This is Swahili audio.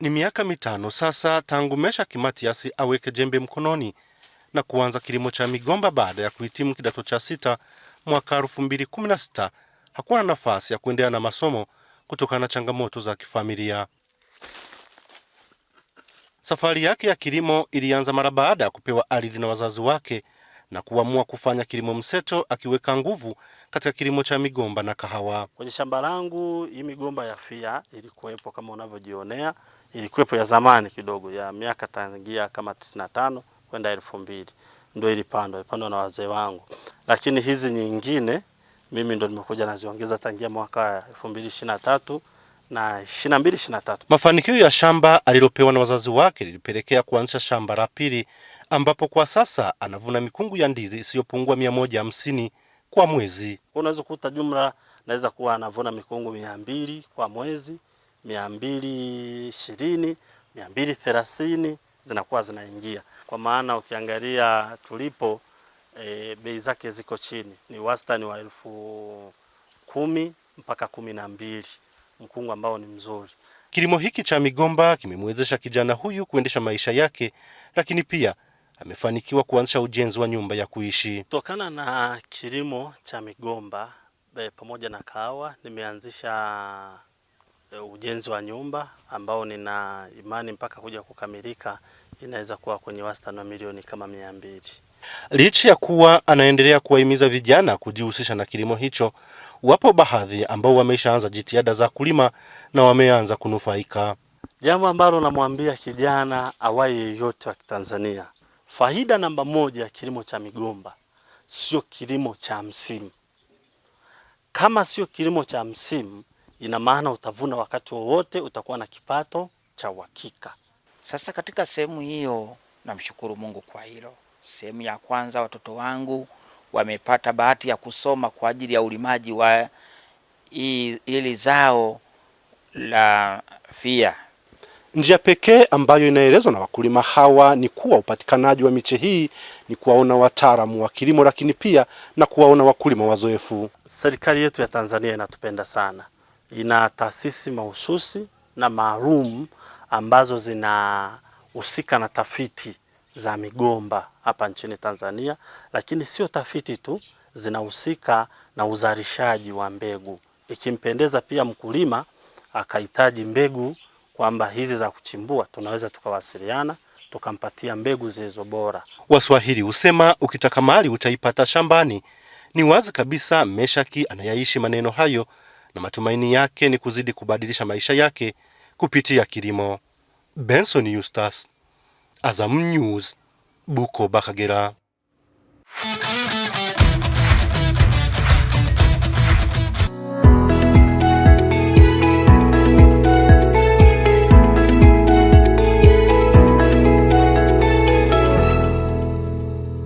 Ni miaka mitano sasa tangu Meshack kimatiasi aweke jembe mkononi na kuanza kilimo cha migomba baada ya kuhitimu kidato cha sita mwaka 2016. Hakuwa na nafasi ya kuendelea na masomo kutokana na changamoto za kifamilia. Safari yake ya kilimo ilianza mara baada ya kupewa ardhi na wazazi wake na kuamua kufanya kilimo mseto, akiweka nguvu katika kilimo cha migomba na kahawa. Kwenye shamba langu hii migomba ya fia ilikuwepo kama unavyojionea ilikuwepo ya zamani kidogo ya miaka tangia kama tisini na tano kwenda elfu mbili ndio ilipandwa ilipandwa na wazee wangu, lakini hizi nyingine mimi ndo nimekuja naziongeza tangia mwaka elfu mbili ishirini na tatu na ishirini na mbili ishirini na tatu. Mafanikio ya shamba alilopewa na wazazi wake lilipelekea kuanzisha shamba la pili ambapo kwa sasa anavuna mikungu ya ndizi isiyopungua mia moja hamsini kwa mwezi. Unaweza kukuta jumla naweza kuwa anavuna mikungu mia mbili kwa mwezi mia mbili ishirini mia mbili thelathini zinakuwa zinaingia, kwa maana ukiangalia tulipo e, bei zake ziko chini, ni wastani wa elfu kumi mpaka kumi na mbili mkungu ambao ni mzuri. Kilimo hiki cha migomba kimemwezesha kijana huyu kuendesha maisha yake, lakini pia amefanikiwa kuanzisha ujenzi wa nyumba ya kuishi kutokana na kilimo cha migomba. E, pamoja na kahawa nimeanzisha ujenzi wa nyumba ambao nina imani mpaka kuja kukamilika inaweza kuwa kwenye wastani wa milioni kama mia mbili. Licha ya kuwa anaendelea kuwahimiza vijana kujihusisha na kilimo hicho, wapo baadhi ambao wameshaanza jitihada za kulima na wameanza kunufaika, jambo ambalo namwambia kijana awaye yeyote wa Kitanzania, faida namba moja ya kilimo cha migomba sio kilimo cha msimu. Kama sio kilimo cha msimu, ina maana utavuna wakati wowote, utakuwa na kipato cha uhakika. Sasa katika sehemu hiyo namshukuru Mungu kwa hilo. Sehemu ya kwanza watoto wangu wamepata bahati ya kusoma kwa ajili ya ulimaji wa hili zao la fia. Njia pekee ambayo inaelezwa na wakulima hawa ni kuwa upatikanaji wa miche hii ni kuwaona wataalamu wa kilimo, lakini pia na kuwaona wakulima wazoefu. Serikali yetu ya Tanzania inatupenda sana ina taasisi mahususi na maalum ambazo zinahusika na tafiti za migomba hapa nchini Tanzania, lakini sio tafiti tu, zinahusika na uzalishaji wa mbegu. Ikimpendeza pia mkulima akahitaji mbegu kwamba hizi za kuchimbua, tunaweza tukawasiliana tukampatia mbegu zilizo bora. Waswahili husema ukitaka mali utaipata shambani. Ni wazi kabisa Meshaki anayaishi maneno hayo na matumaini yake ni kuzidi kubadilisha maisha yake kupitia kilimo. Benson Eustace, Azam News, Bukoba, Kagera.